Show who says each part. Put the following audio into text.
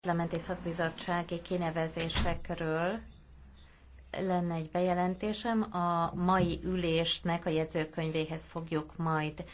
Speaker 1: parlamenti szakbizottsági kinevezésekről lenne egy bejelentésem. A mai ülésnek a jegyzőkönyvéhez fogjuk majd